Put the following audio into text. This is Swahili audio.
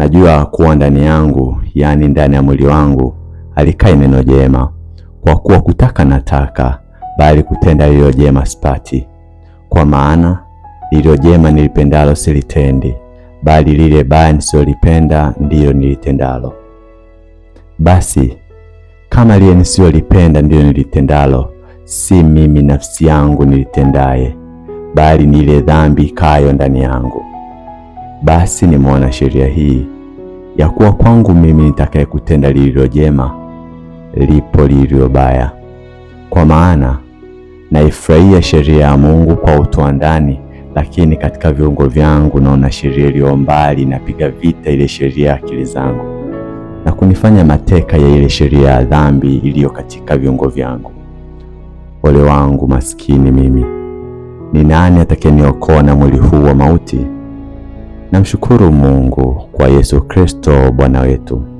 Najua kuwa ndani yangu, yaani ndani ya mwili wangu, alikae neno jema, kwa kuwa kutaka nataka, bali kutenda lililo jema sipati. Kwa maana lililo jema nilipendalo silitendi, bali lile baya nisiyolipenda ndiyo nilitendalo. Basi kama lile nisiyolipenda ndiyo nilitendalo, si mimi nafsi yangu nilitendaye, bali ni ile dhambi kayo ndani yangu basi nimeona sheria hii ya kuwa kwangu mimi nitakaye kutenda lililo jema lipo lililo baya, kwa maana naifurahia sheria ya Mungu kwa utu wa ndani, lakini katika viungo vyangu naona sheria iliyo mbali, napiga vita ile sheria ya akili zangu na kunifanya mateka ya ile sheria ya dhambi iliyo katika viungo vyangu. Ole wangu maskini mimi! Ni nani atakayeniokoa na mwili huu wa mauti? Namshukuru Mungu kwa Yesu Kristo Bwana wetu.